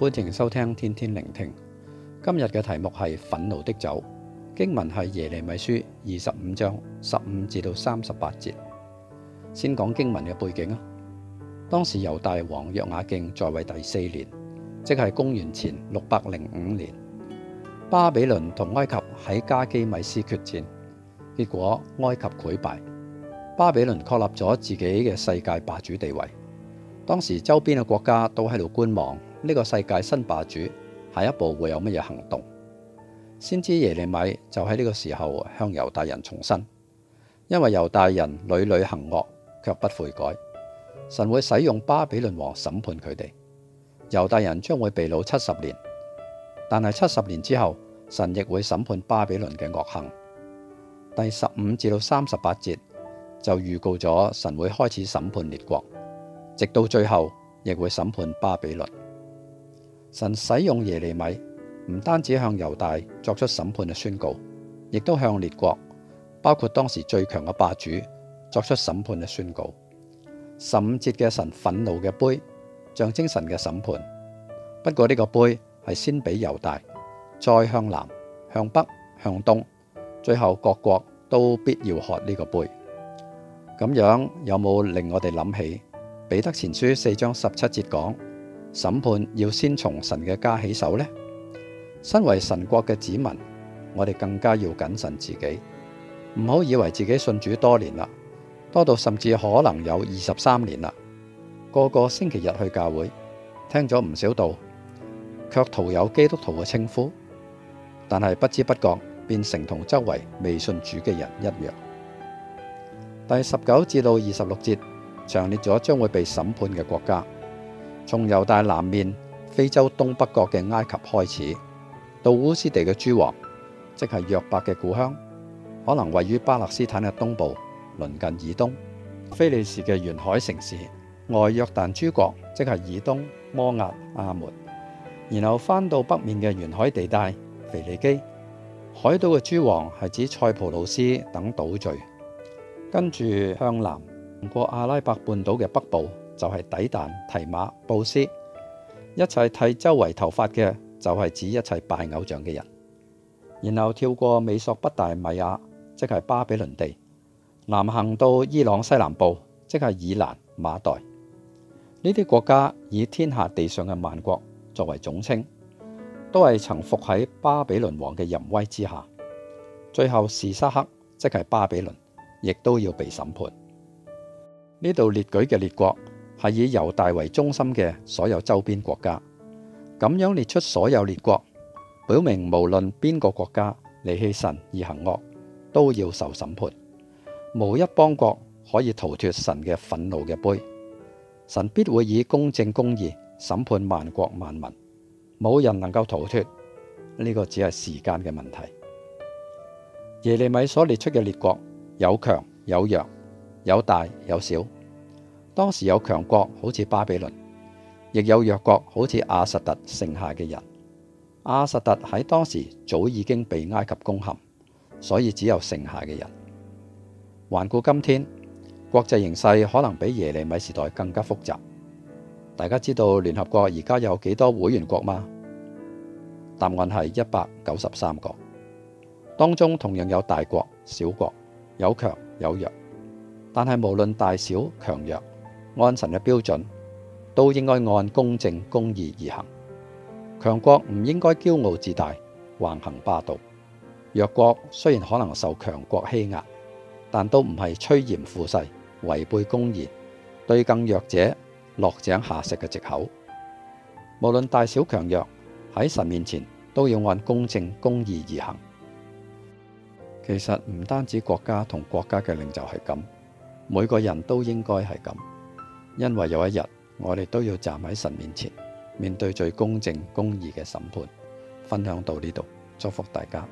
歡迎收聽天天靈聽，今日嘅題目係憤怒的酒，經文係耶利米書二十五章十五至到三十八節。先講經文嘅背景啊，當時猶大王約雅敬在位第四年，即係公元前六百零五年，巴比倫同埃及喺迦基米施決戰，結果埃及潰敗，巴比倫確立咗自己嘅世界霸主地位。當時周邊嘅國家都喺度觀望呢個世界新霸主下一步會有乜嘢行動。先知耶利米就喺呢個時候向猶大人重申，因為猶大人屢屢行惡卻不悔改，神會使用巴比倫王審判佢哋。猶大人將會被擄七十年，但係七十年之後，神亦會審判巴比倫嘅惡行。第十五至到三十八節就預告咗神會開始審判列國。直到最後，亦會審判巴比倫。神使用耶利米，唔單止向猶大作出審判嘅宣告，亦都向列國，包括當時最強嘅霸主，作出審判嘅宣告。十五節嘅神憤怒嘅杯，象徵神嘅審判。不過呢個杯係先俾猶大，再向南、向北、向東，最後各國都必要喝呢個杯。咁樣有冇令我哋諗起？彼得前書四章十七節講，審判要先從神嘅家起首呢？身為神國嘅子民，我哋更加要謹慎自己，唔好以為自己信主多年啦，多到甚至可能有二十三年啦，個個星期日去教會聽咗唔少道，卻徒有基督徒嘅稱呼，但係不知不覺變成同周圍未信主嘅人一樣。第十九至到二十六節。詳列咗將會被審判嘅國家，從猶大南面非洲東北角嘅埃及開始，到烏斯地嘅諸王，即係約伯嘅故鄉，可能位於巴勒斯坦嘅東部，鄰近以東，非利士嘅沿海城市外約但諸國，即係以東、摩押、亞捫，然後返到北面嘅沿海地帶腓尼基，海島嘅諸王係指塞浦路斯等島嶼，跟住向南。過阿拉伯半島嘅北部，就係底但提馬布斯，一切剃周圍頭髮嘅就係指一切拜偶像嘅人。然後跳過美索不達米亞，即係巴比倫地，南行到伊朗西南部，即係以攔馬代呢啲國家，以天下地上嘅萬國作為總稱，都係曾伏喺巴比倫王嘅淫威之下。最後，示沙克即係巴比倫，亦都要被審判。呢度列舉嘅列國係以猶大為中心嘅所有周邊國家，咁樣列出所有列國，表明無論邊個國家離棄神而行惡，都要受審判，無一邦國可以逃脫神嘅憤怒嘅杯。神必會以公正公義審判萬國萬民，冇人能夠逃脫，呢、這個只係時間嘅問題。耶利米所列出嘅列國有強有弱。有大有小，當時有強國好似巴比倫，亦有弱國好似亞實突剩下嘅人。亞實突喺當時早已經被埃及攻陷，所以只有剩下嘅人。環顧今天國際形勢，可能比耶利米時代更加複雜。大家知道聯合國而家有幾多會員國嗎？答案係一百九十三個，當中同樣有大國、小國，有強有弱。但係無論大小強弱，按神嘅標準都應該按公正公義而行。強國唔應該驕傲自大、橫行霸道；弱國雖然可能受強國欺壓，但都唔係趨炎附勢、違背公義、對更弱者落井下石嘅借口。無論大小強弱，喺神面前都要按公正公義而行。其實唔單止國家同國家嘅令就係咁。每個人都應該係咁，因為有一日我哋都要站喺神面前，面對最公正公義嘅審判。分享到呢度，祝福大家。